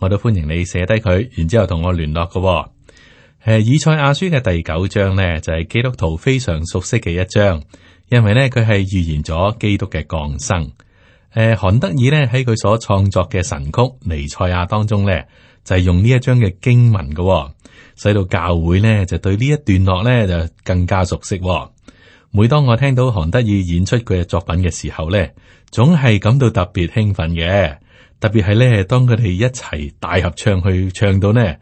我都歡迎你寫低佢，然之後同我聯絡噶、哦。誒、啊，以賽亞書嘅第九章呢，就係、是、基督徒非常熟悉嘅一章，因為呢，佢係預言咗基督嘅降生。誒、啊，韓德爾呢，喺佢所創作嘅神曲《彌賽亞》當中呢，就係、是、用呢一章嘅經文噶、哦，使到教會呢，就對呢一段落呢，就更加熟悉、哦。每當我聽到韓德爾演出佢嘅作品嘅時候呢，總係感到特別興奮嘅。特別係咧，當佢哋一齊大合唱去唱到呢，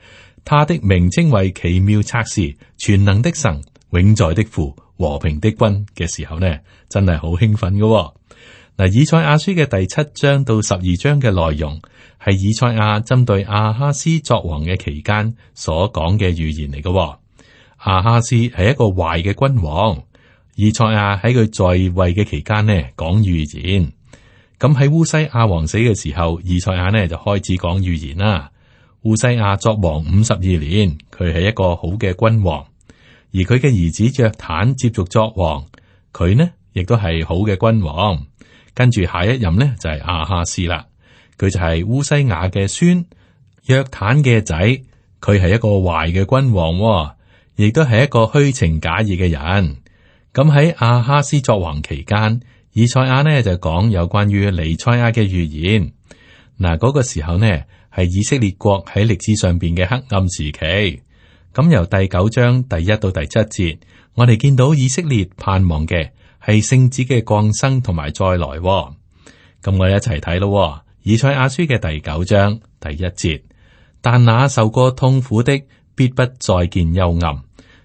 他的名稱為奇妙測試、全能的神、永在的父、和平的君嘅時候呢，真係好興奮嘅。嗱，以賽亞書嘅第七章到十二章嘅內容，係以賽亞針對亞哈斯作王嘅期間所講嘅預言嚟嘅、哦。亞哈斯係一個壞嘅君王，以賽亞喺佢在位嘅期間呢講預言。咁喺烏西亞王死嘅時候，以賽亞呢就開始講預言啦。烏西亞作王五十二年，佢係一個好嘅君王，而佢嘅兒子約坦接續作王，佢呢亦都係好嘅君王。跟住下一任呢就係、是、亞哈斯啦，佢就係烏西亞嘅孫，約坦嘅仔，佢係一個壞嘅君王、哦，亦都係一個虛情假意嘅人。咁喺亞哈斯作王期間。以賽亞呢就講有關於彌賽亞嘅預言。嗱，嗰個時候呢，係以色列國喺歷史上邊嘅黑暗時期。咁由第九章第一到第七節，我哋見到以色列盼望嘅係聖子嘅降生同埋再來、哦。咁我哋一齊睇咯。以賽亞書嘅第九章第一節，但那受過痛苦的必不再見幽暗。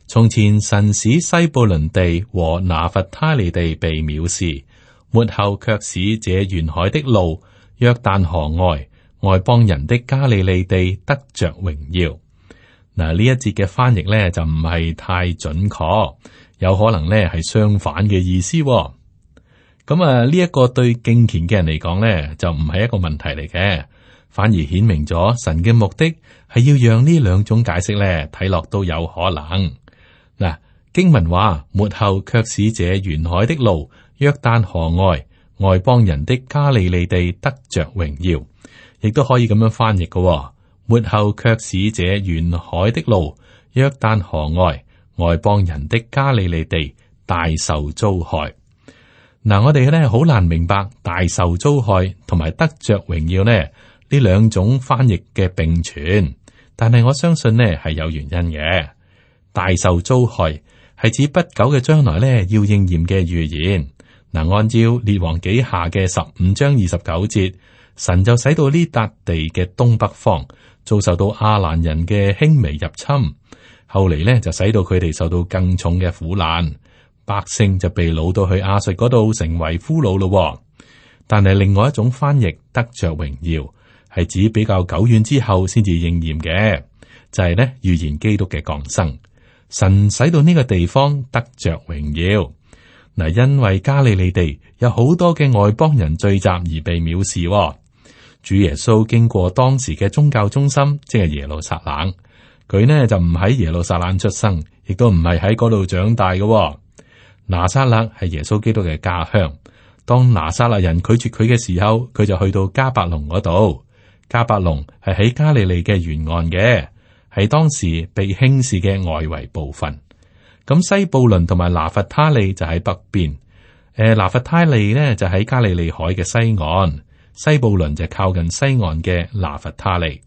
從前神使西布倫地和拿弗他利地被藐視。末後卻使這沿海的路，約旦河外外邦人的加利利地得着榮耀。嗱，呢一節嘅翻譯咧就唔係太準確，有可能咧係相反嘅意思。咁啊，呢一個對敬虔嘅人嚟講咧就唔係一個問題嚟嘅，反而顯明咗神嘅目的係要讓呢兩種解釋咧睇落都有可能。嗱，經文話，末後卻使這沿海的路。約旦河外外邦人的加利利地得着榮耀，亦都可以咁樣翻譯嘅喎。末後卻使這沿海的路，約旦河外外邦人的加利利地大受遭害。嗱，我哋咧好難明白大受遭害同埋得着榮耀咧呢兩種翻譯嘅並存，但係我相信呢係有原因嘅。大受遭害係指不久嘅將來呢要應驗嘅預言。嗱，按照列王記下嘅十五章二十九節，神就使到呢笪地嘅東北方，遭受到亞蘭人嘅輕微入侵，後嚟呢，就使到佢哋受到更重嘅苦難，百姓就被擄到去亞述嗰度成為俘虜咯。但係另外一種翻譯得着榮耀，係指比較久遠之後先至應驗嘅，就係咧預言基督嘅降生，神使到呢個地方得着榮耀。嗱，因為加利利地有好多嘅外邦人聚集而被藐視、哦。主耶穌經過當時嘅宗教中心，即係耶路撒冷。佢呢就唔喺耶路撒冷出生，亦都唔係喺嗰度長大嘅、哦。拿撒勒係耶穌基督嘅家鄉。當拿撒勒人拒絕佢嘅時候，佢就去到迦百農嗰度。迦百農係喺加利利嘅沿岸嘅，喺當時被輕視嘅外圍部分。咁西布倫同埋拿弗他利就喺北邊，誒、呃，拿弗他利呢就喺加利利海嘅西岸，西布倫就靠近西岸嘅拿弗他利。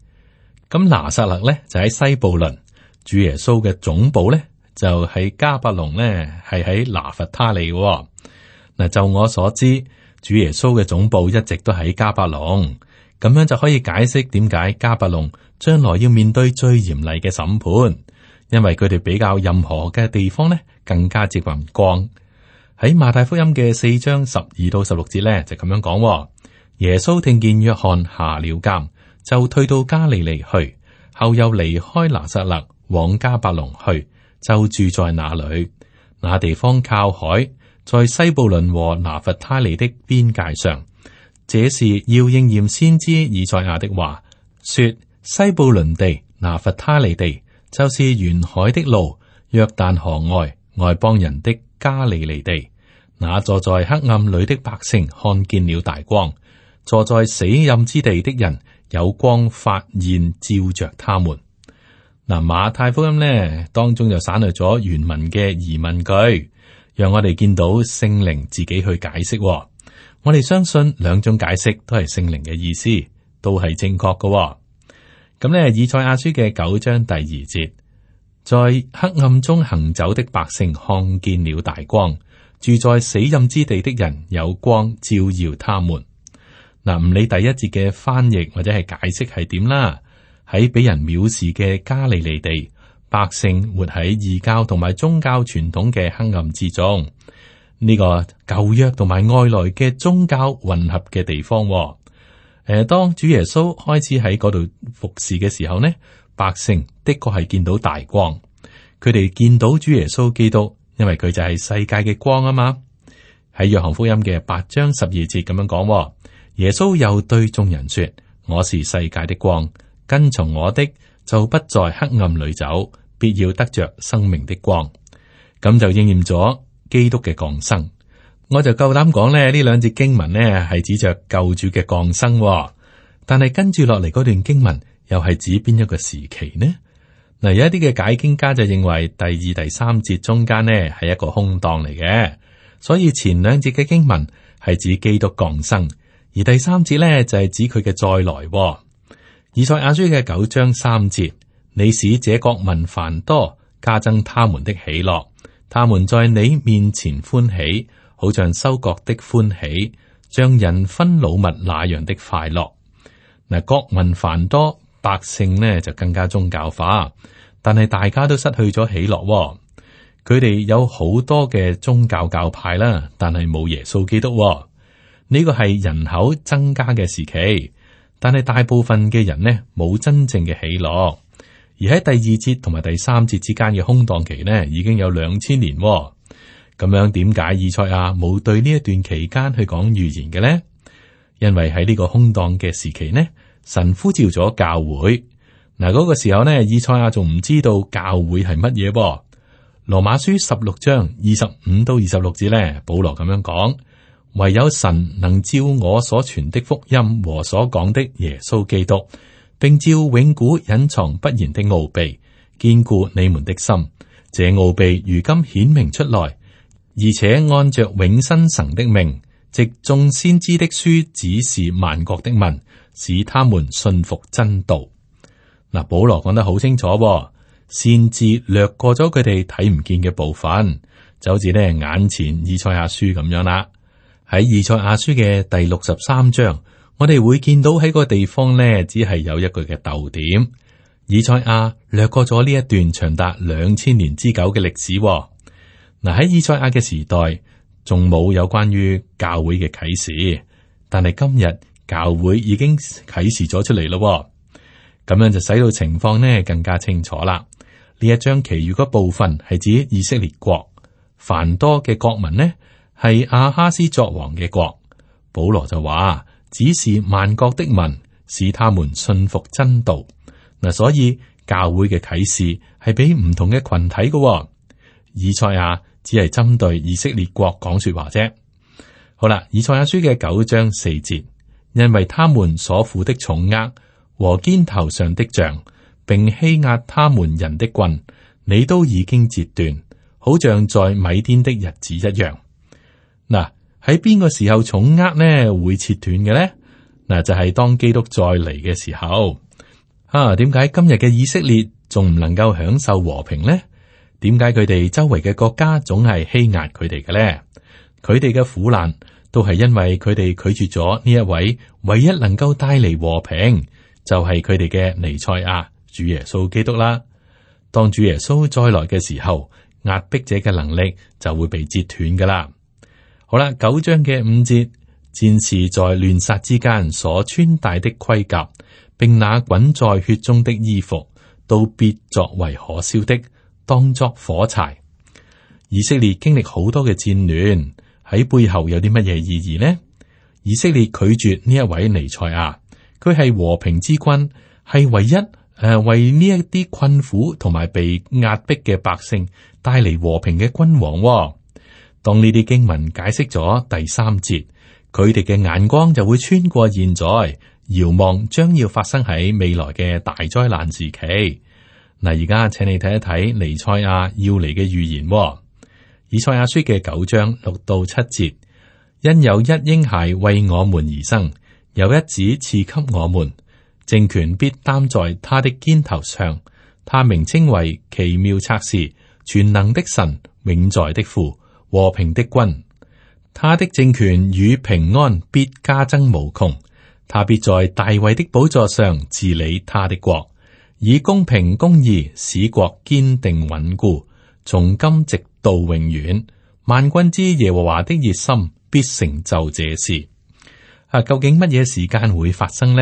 咁拿撒勒呢就喺西布倫，主耶穌嘅總部呢就喺迦百農，呢係喺拿弗他利、哦。嗱，就我所知，主耶穌嘅總部一直都喺迦百農。咁樣就可以解釋點解迦百農將來要面對最嚴厲嘅審判。因為佢哋比較任何嘅地方呢，更加接近光，喺馬太福音嘅四章十二到十六節呢，就咁樣講、哦。耶穌聽見約翰下了監，就退到加利利去，後又離開拿撒勒，往加百隆去，就住在那裏。那地方靠海，在西布倫和拿弗他利的邊界上。這是要應驗先知以賽亞的話，說西布倫地、拿弗他利地。就是沿海的路，約旦河外外邦人的加利利地，那坐在黑暗裏的百姓看見了大光，坐在死蔭之地的人有光發現照着他們。嗱，馬太福音呢，當中就省略咗原文嘅疑問句，讓我哋見到聖靈自己去解釋。我哋相信兩種解釋都係聖靈嘅意思，都係正確噶。咁咧，以賽亞書嘅九章第二節，在黑暗中行走的百姓看見了大光，住在死蔭之地的人有光照耀他們。嗱，唔理第一節嘅翻譯或者係解釋係點啦，喺俾人藐視嘅加利利地，百姓活喺異教同埋宗教傳統嘅黑暗之中，呢、這個舊約同埋外來嘅宗教混合嘅地方。誒，當主耶穌開始喺嗰度服侍嘅時候呢，百姓的確係見到大光，佢哋見到主耶穌基督，因為佢就係世界嘅光啊嘛。喺約翰福音嘅八章十二節咁樣講，耶穌又對眾人說：我是世界的光，跟從我的就不在黑暗裏走，必要得着生命的光。咁就應驗咗基督嘅降生。我就夠膽講咧，呢兩節經文呢係指着救主嘅降生，但係跟住落嚟嗰段經文又係指邊一個時期呢？嗱，有一啲嘅解經家就認為第二、第三節中間呢係一個空檔嚟嘅，所以前兩節嘅經文係指基督降生，而第三節呢就係指佢嘅再來。以賽亞書嘅九章三節，你使這國民繁多，加增他們的喜樂，他們在你面前歡喜。好像收割的歡喜，像人分老物那樣的快樂。嗱，國民繁多，百姓呢就更加宗教化，但係大家都失去咗喜樂喎。佢哋有好多嘅宗教教派啦，但係冇耶穌基督喎。呢個係人口增加嘅時期，但係大部分嘅人呢冇真正嘅喜樂。而喺第二節同埋第三節之間嘅空檔期呢，已經有兩千年喎。咁樣點解以賽亞冇對呢一段期間去講預言嘅呢？因為喺呢個空檔嘅時期呢，神呼召咗教會嗱。嗰個時候呢，以賽亞仲唔知道教會係乜嘢。羅馬書十六章二十五到二十六節呢，保羅咁樣講：唯有神能照我所傳的福音和所講的耶穌基督，並照永古隱藏不言的奧秘，堅固你們的心。這奧秘如今顯明出來。而且按着永生神的命，藉眾先知的書指示萬國的民，使他們信服真道。嗱，保羅講得好清楚，先知略過咗佢哋睇唔見嘅部分，就好似咧眼前以賽亞書咁樣啦。喺以賽亞書嘅第六十三章，我哋會見到喺個地方咧，只係有一句嘅逗點。以賽亞略過咗呢一段長達兩千年之久嘅歷史。嗱，喺以賽亞嘅時代仲冇有，有關於教會嘅啟示，但係今日教會已經啟示咗出嚟咯。咁樣就使到情況呢更加清楚啦。呢一章其餘嘅部分係指以色列國繁多嘅國民呢，係亞哈斯作王嘅國。保羅就話，指示萬國的民使他們信服真道。嗱，所以教會嘅啟示係俾唔同嘅群體嘅。以賽亞。只係針對以色列國講說話啫。好啦，《以賽亞書》嘅九章四節，因為他們所負的重軛和肩頭上的杖並欺壓他們人的棍，你都已經截斷，好像在米甸的日子一樣。嗱、啊，喺邊個時候重軛呢會切斷嘅呢？嗱、啊，就係、是、當基督再嚟嘅時候。啊，點解今日嘅以色列仲唔能夠享受和平呢？點解佢哋周圍嘅國家總係欺壓佢哋嘅呢？佢哋嘅苦難都係因為佢哋拒絕咗呢一位唯一能夠帶嚟和平，就係佢哋嘅尼賽亞主耶穌基督啦。當主耶穌再來嘅時候，壓迫者嘅能力就會被截斷噶啦。好啦，九章嘅五節，戰士在亂殺之間所穿戴的盔甲，並那滾在血中的衣服，都必作為可燒的。當作火柴，以色列經歷好多嘅戰亂，喺背後有啲乜嘢意義呢？以色列拒絕呢一位尼賽亞，佢係和平之君，係唯一誒、呃、為呢一啲困苦同埋被壓迫嘅百姓帶嚟和平嘅君王、哦。當呢啲經文解釋咗第三節，佢哋嘅眼光就會穿過現在，遙望將要發生喺未來嘅大災難時期。嗱，而家請你睇一睇尼賽亞要嚟嘅預言，哦，以賽亞書嘅九章六到七節，因有一嬰孩為我們而生，有一子賜給我們，政權必擔在他的肩頭上，他名稱為奇妙策士、全能的神、永在的父、和平的君，他的政權與平安必加增無窮，他必在大衛的寶座上治理他的國。以公平公義使國堅定穩固，從今直到永遠。萬軍之耶和華的熱心必成就這事。啊，究竟乜嘢時間會發生呢？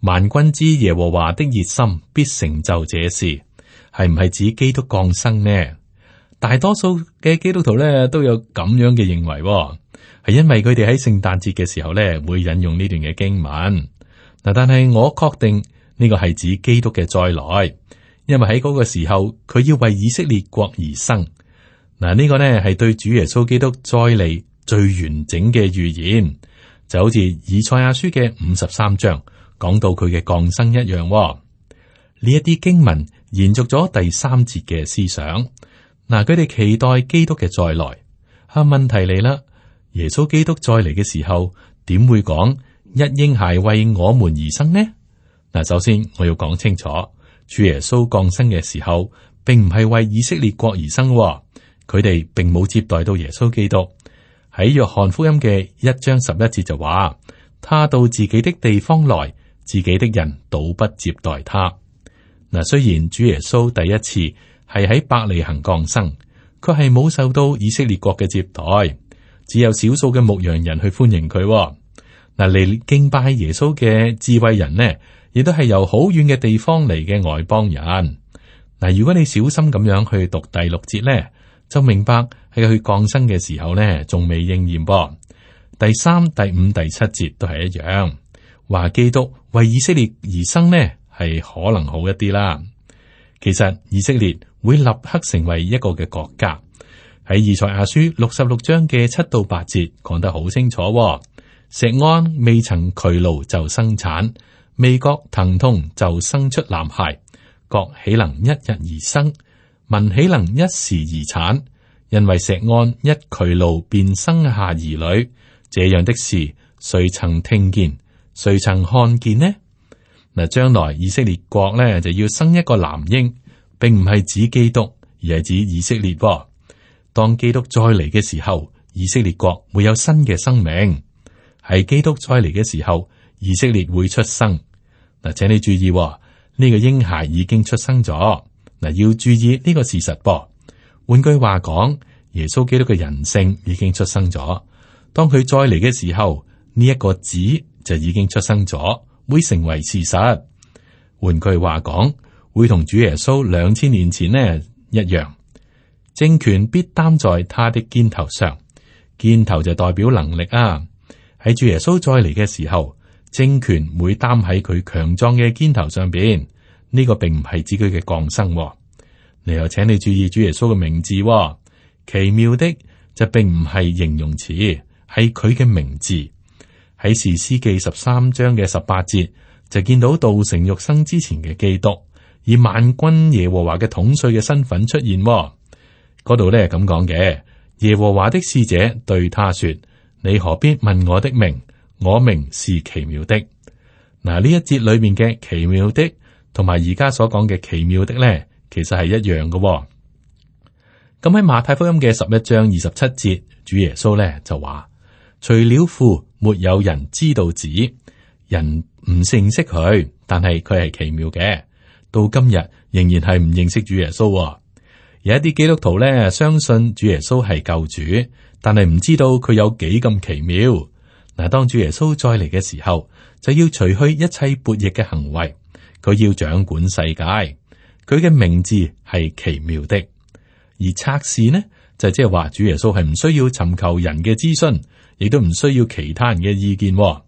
萬軍之耶和華的熱心必成就這事，係唔係指基督降生呢？大多數嘅基督徒咧都有咁樣嘅認為，係因為佢哋喺聖誕節嘅時候咧會引用呢段嘅經文。嗱，但係我確定。呢個係指基督嘅再來，因為喺嗰個時候佢要為以色列國而生嗱。呢個呢係對主耶穌基督再嚟最完整嘅預言，就好似以賽亞書嘅五十三章講到佢嘅降生一樣喎。呢一啲經文延續咗第三節嘅思想。嗱，佢哋期待基督嘅再來，但、啊、問題嚟啦，耶穌基督再嚟嘅時候點會講一嬰孩為我們而生呢？嗱，首先我要講清楚，主耶穌降生嘅時候，並唔係為以色列國而生、哦，佢哋並冇接待到耶穌基督。喺約翰福音嘅一章十一節就話：他到自己的地方來，自己的人倒不接待他。嗱，雖然主耶穌第一次係喺伯利恒降生，佢係冇受到以色列國嘅接待，只有少數嘅牧羊人去歡迎佢、哦。嗱，嚟敬拜耶穌嘅智慧人呢？亦都係由好遠嘅地方嚟嘅外邦人嗱。如果你小心咁樣去讀第六節呢，就明白喺佢降生嘅時候呢，仲未應驗噃。第三、第五、第七節都係一樣，話基督為以色列而生呢，係可能好一啲啦。其實以色列會立刻成為一個嘅國家，喺以賽亞書六十六章嘅七到八節講得好清楚。石安未曾劬勞就生產。美覺疼痛就生出男孩，國豈能一日而生？民豈能一時而產？因為錫安一劬勞便生下兒女，這樣的事誰曾聽見？誰曾看見呢？嗱，將來以色列國呢，就要生一個男嬰，並唔係指基督，而係指以色列噃。當基督再嚟嘅時候，以色列國會有新嘅生命。喺基督再嚟嘅時候。以色列會出生嗱，請你注意呢個嬰孩已經出生咗嗱，要注意呢個事實噃。換句話講，耶穌基督嘅人性已經出生咗。當佢再嚟嘅時候，呢一個子就已經出生咗，會成為事實。換句話講，會同主耶穌兩千年前呢一樣，政權必擔在他的肩頭上。肩頭就代表能力啊。喺主耶穌再嚟嘅時候。政權會擔喺佢強壯嘅肩頭上邊，呢、這個並唔係指佢嘅降生。你又請你注意主耶穌嘅名字，奇妙的就並唔係形容詞，係佢嘅名字。喺士師記十三章嘅十八節就見到道成肉身之前嘅基督，以萬軍耶和華嘅統帥嘅身份出現。嗰度咧係咁講嘅，耶和華的使者對他說：你何必問我的名？我明是奇妙的，嗱呢一節裏面嘅奇妙的，同埋而家所講嘅奇妙的咧，其實係一樣嘅，哦。咁喺馬太福音嘅十一章二十七節，主耶穌咧就話：除了父，沒有人知道子，人唔認識佢，但係佢係奇妙嘅。到今日仍然係唔認識主耶穌，哦。有一啲基督徒咧相信主耶穌係救主，但係唔知道佢有幾咁奇妙。嗱，當主耶穌再嚟嘅時候，就要除去一切悖逆嘅行為，佢要掌管世界，佢嘅名字係奇妙的。而策士呢，就即係話主耶穌係唔需要尋求人嘅諮詢，亦都唔需要其他人嘅意見，哦。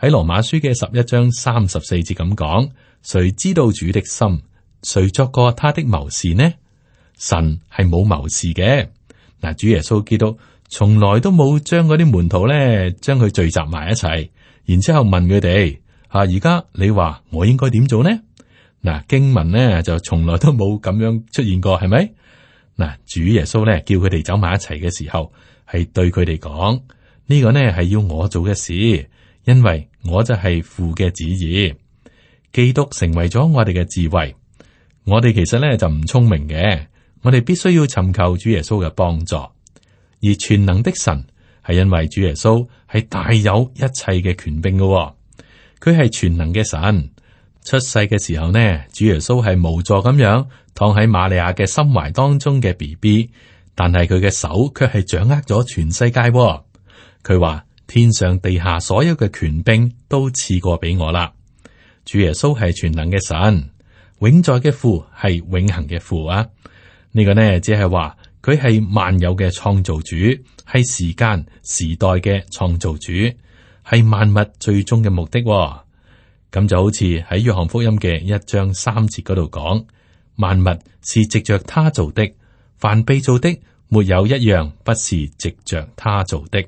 喺羅馬書嘅十一章三十四節咁講，誰知道主的心？誰作過他的謀士呢？神係冇謀士嘅。嗱，主耶穌基督。從來都冇將嗰啲門徒咧，將佢聚集埋一齊，然之後問佢哋，啊，而家你話我應該點做呢？嗱，啊，經文呢就從來都冇咁樣出現過，係咪？嗱，啊，主耶穌咧叫佢哋走埋一齊嘅時候，係對佢哋講呢個呢係要我做嘅事，因為我就係父嘅旨意，基督成為咗我哋嘅智慧，我哋其實咧就唔聰明嘅，我哋必須要尋求主耶穌嘅幫助。而全能的神係因為主耶穌係帶有一切嘅權柄嘅、哦，佢係全能嘅神。出世嘅時候呢，主耶穌係無助咁樣躺喺瑪利亞嘅心懷當中嘅 B B，但係佢嘅手卻係掌握咗全世界、哦。佢話天上地下所有嘅權柄都賜過俾我啦。主耶穌係全能嘅神，永在嘅父係永恆嘅父啊！呢、這個呢即係話。就是佢係萬有嘅創造主，係時間時代嘅創造主，係萬物最終嘅目的、哦。咁就好似喺約翰福音嘅一章三節嗰度講，萬物是藉着他做的，凡被做的沒有一樣不是藉着他做的。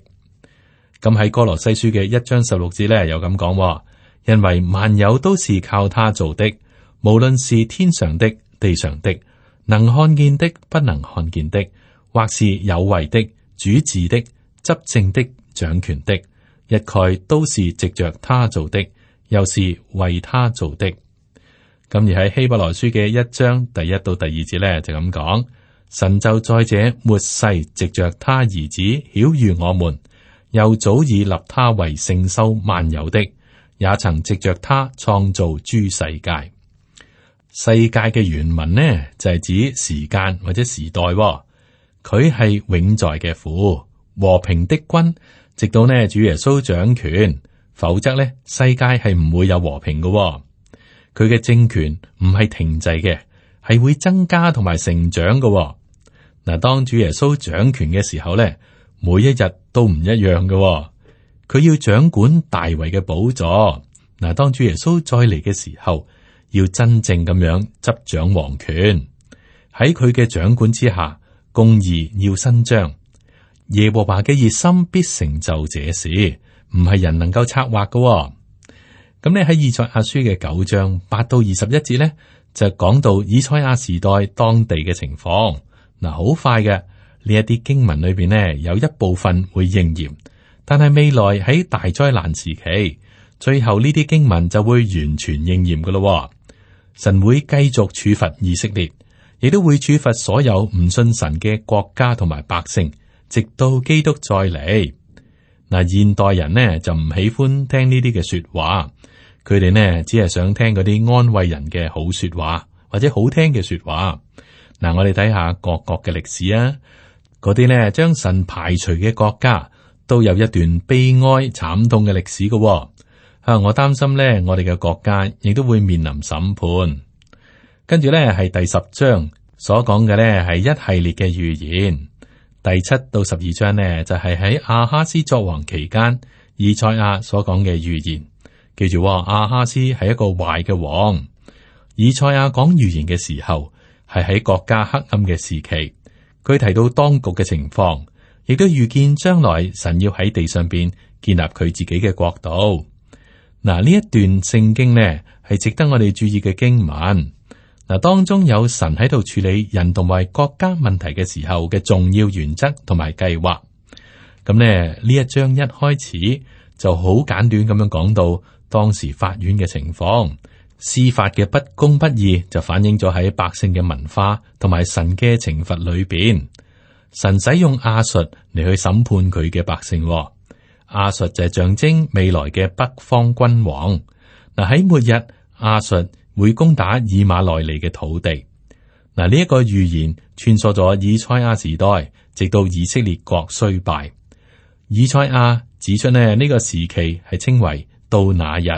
咁喺哥羅西書嘅一章十六節咧，又咁講話，因為萬有都是靠他做的，無論是天上的地上的。能看見的，不能看見的，或是有為的、主治的、執政的、掌權的，一概都是藉着他做的，又是為他做的。咁而喺希伯來書嘅一章第一到第二節呢，就咁講：神就在這末世藉着他兒子曉諭我們，又早已立他為承受萬有的，也曾藉着他創造諸世界。世界嘅原文呢，就係指時間或者時代，佢係永在嘅父，和平的君，直到呢，主耶穌掌權，否則呢，世界係唔會有和平嘅。佢嘅政權唔係停滯嘅，係會增加同埋成長嘅。嗱，當主耶穌掌權嘅時候咧，每一日都唔一樣嘅。佢要掌管大衛嘅寶座。嗱，當主耶穌再嚟嘅時候，要真正咁樣執掌王權，喺佢嘅掌管之下，公義要伸張。耶和華嘅熱心必成就這事，唔係人能夠策劃嘅，哦。咁咧喺以賽亞書嘅九章八到二十一節呢，就講到以賽亞時代當地嘅情況。嗱，好快嘅呢一啲經文裏邊呢，有一部分會應驗，但係未來喺大災難時期，最後呢啲經文就會完全應驗噶咯。神會繼續處罰以色列，亦都會處罰所有唔信神嘅國家同埋百姓，直到基督再嚟。嗱，現代人呢就唔喜歡聽呢啲嘅說話，佢哋呢只係想聽嗰啲安慰人嘅好說話或者好聽嘅說話。嗱，我哋睇下各國嘅歷史啊，嗰啲呢將神排除嘅國家都有一段悲哀慘痛嘅歷史嘅喎。啊！我擔心咧，我哋嘅國家亦都會面臨審判。跟住咧，係第十章所講嘅咧，係一系列嘅預言。第七到十二章呢，就係喺阿哈斯作王期間，以賽亞所講嘅預言。記住，阿哈斯係一個壞嘅王。以賽亞講預言嘅時候，係喺國家黑暗嘅時期。佢提到當局嘅情況，亦都預見將來神要喺地上邊建立佢自己嘅國度。嗱，呢一段聖經呢，係值得我哋注意嘅經文。嗱，當中有神喺度處理人同埋國家問題嘅時候嘅重要原則同埋計劃。咁呢，呢一章一開始就好簡短咁樣講到當時法院嘅情況、司法嘅不公不義，就反映咗喺百姓嘅文化同埋神嘅懲罰裏邊。神使用亞述嚟去審判佢嘅百姓。阿術就象徵未來嘅北方君王。嗱，喺末日，阿術會攻打以馬內利嘅土地。嗱，呢一個預言穿梭咗以賽亞時代，直到以色列國衰敗。以賽亞指出呢，呢個時期係稱為到那日。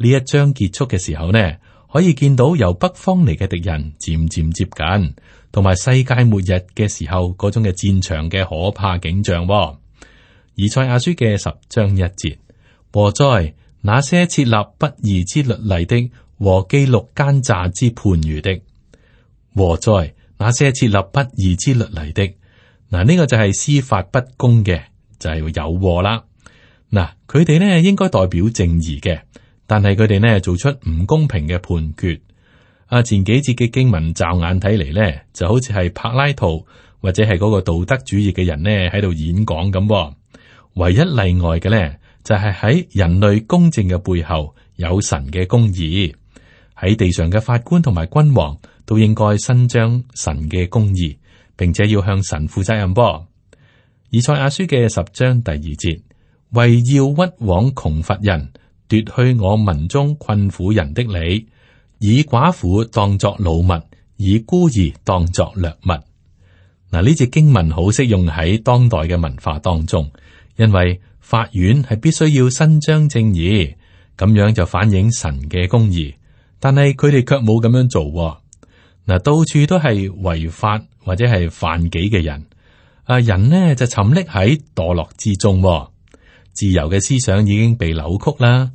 呢一章結束嘅時候呢，可以見到由北方嚟嘅敵人漸漸接近，同埋世界末日嘅時候嗰種嘅戰場嘅可怕景象。以賽亞書嘅十章一節，禍哉那些設立不義之律例的，和記錄奸詐之判語的，禍哉那些設立不義之律例的嗱，呢、這個就係司法不公嘅，就係、是、有禍啦。嗱，佢哋呢應該代表正義嘅，但係佢哋呢做出唔公平嘅判決。啊，前幾節嘅經文，驟眼睇嚟呢，就好似係柏拉圖或者係嗰個道德主義嘅人呢喺度演講咁。唯一例外嘅咧，就係、是、喺人類公正嘅背後有神嘅公義。喺地上嘅法官同埋君王都應該伸張神嘅公義，並且要向神負責任。噃。以賽亞書嘅十章第二節，為要屈枉窮乏人，奪去我民中困苦人的理，以寡婦當作擄物，以孤兒當作掠物。嗱、啊，呢隻經文好適用喺當代嘅文化當中。因為法院係必須要伸張正義，咁樣就反映神嘅公義。但係佢哋卻冇咁樣做、哦，嗱，到處都係違法或者係犯紀嘅人。啊，人呢就沉溺喺墮落之中、哦，自由嘅思想已經被扭曲啦。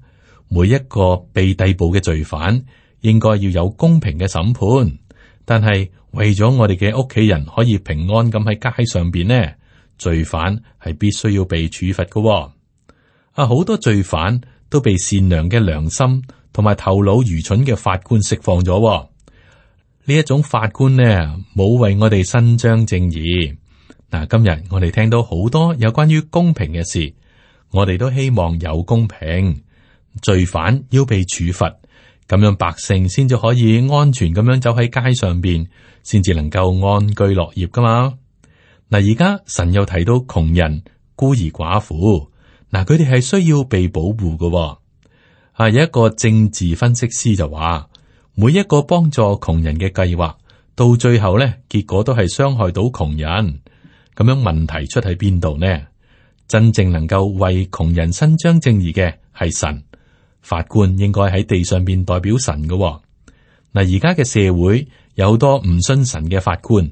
每一個被逮捕嘅罪犯，應該要有公平嘅審判。但係為咗我哋嘅屋企人可以平安咁喺街上邊呢？罪犯係必須要被處罰嘅喎，啊，好多罪犯都被善良嘅良心同埋頭腦愚蠢嘅法官釋放咗喎，呢一種法官呢，冇為我哋伸張正義。嗱，啊，今日我哋聽到好多有關於公平嘅事，我哋都希望有公平，罪犯要被處罰，咁樣百姓先至可以安全咁樣走喺街上邊，先至能夠安居樂業㗎嘛。嗱，而家神又提到窮人孤兒寡婦，嗱，佢哋係需要被保護嘅。哦，啊，有一個政治分析師就話，每一個幫助窮人嘅計劃到最後咧，結果都係傷害到窮人，咁樣問題出喺邊度呢？真正能夠為窮人伸張正義嘅係神，法官，應該喺地上邊代表神嘅。嗱，而家嘅社會有好多唔信神嘅法官。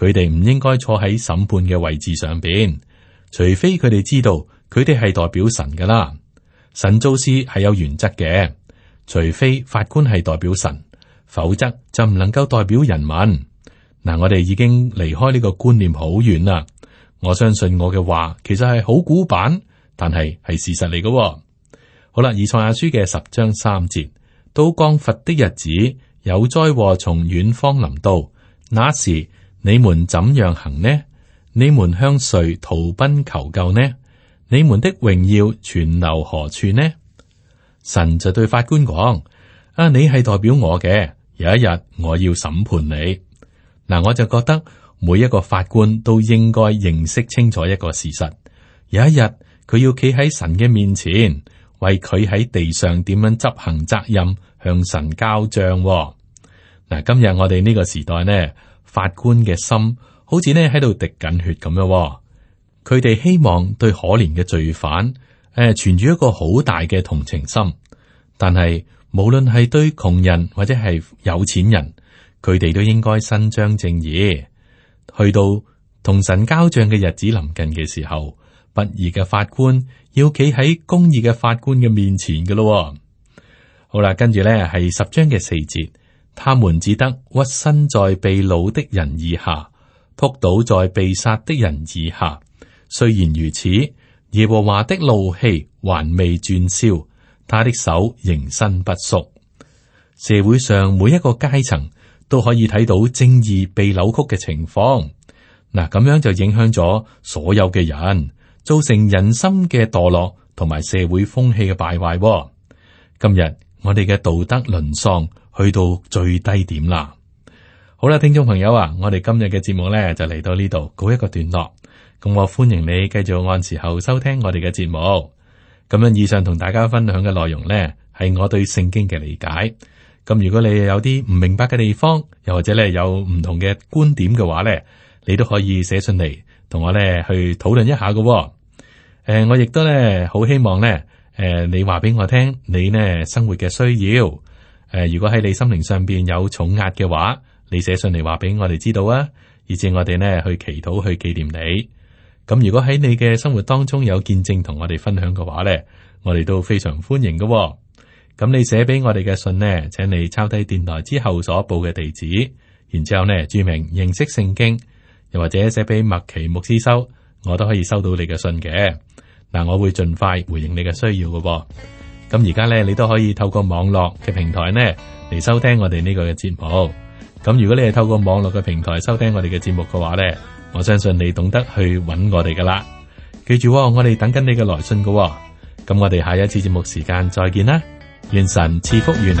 佢哋唔應該坐喺審判嘅位置上邊，除非佢哋知道佢哋係代表神噶啦。神造師係有原則嘅，除非法官係代表神，否則就唔能夠代表人民。嗱，我哋已經離開呢個觀念好遠啦。我相信我嘅話其實係好古板，但係係事實嚟噶。好啦，以賽亞書嘅十章三節，到降罰的日子，有災禍從遠方臨到，那時。你們怎樣行呢？你們向誰逃奔求救呢？你們的榮耀存留何處呢？神就對法官講：啊，你係代表我嘅，有一日我要審判你。嗱，我就覺得每一個法官都應該認識清楚一個事實，有一日佢要企喺神嘅面前，為佢喺地上點樣執行責任，向神交賬，哦。嗱，今日我哋呢個時代呢？法官嘅心好似呢喺度滴緊血咁樣，哦，佢哋希望對可憐嘅罪犯，誒、呃，存住一個好大嘅同情心。但係無論係對窮人或者係有錢人，佢哋都應該伸張正義。去到同神交賬嘅日子臨近嘅時候，不義嘅法官要企喺公義嘅法官嘅面前嘅咯。好啦，跟住咧係十章嘅四節。他們只得屈身在被擄的人以下，仆倒在被殺的人以下。雖然如此，耶和華的怒氣還未轉消，他的手仍伸不縮。社會上每一個階層都可以睇到正義被扭曲嘅情況。嗱，咁樣就影響咗所有嘅人，造成人心嘅墮落同埋社會風氣嘅敗壞。今日我哋嘅道德淪喪。去到最低點啦。好啦，聽眾朋友啊，我哋今日嘅節目呢就嚟到呢度，告一個段落。咁我歡迎你繼續按時候收聽我哋嘅節目。咁樣以上同大家分享嘅內容呢，係我對聖經嘅理解。咁如果你有啲唔明白嘅地方，又或者咧有唔同嘅觀點嘅話，哦呃、呢，你都可以寫信嚟同我呢去討論一下嘅。誒，我亦都呢好希望呢，誒、呃，你話俾我聽，你呢生活嘅需要。誒，如果喺你心靈上邊有重壓嘅話，你寫信嚟，話俾我哋知道啊，以至我哋呢去祈禱去紀念你。咁如果喺你嘅生活當中有見證同我哋分享嘅話呢，我哋都非常歡迎嘅噃。咁你寫俾我哋嘅信呢，請你抄低電台之後所報嘅地址，然之後呢注明認識聖經，又或者寫俾麥奇牧師收，我都可以收到你嘅信嘅。嗱，我會盡快回應你嘅需要嘅噃。咁而家咧，你都可以透過網絡嘅平台呢嚟收聽我哋呢個嘅節目。咁如果你係透過網絡嘅平台收聽我哋嘅節目嘅話呢，我相信你懂得去揾我哋噶啦。記住，我哋等緊你嘅來信噶。咁我哋下一次節目時間再見啦，願神賜福於你。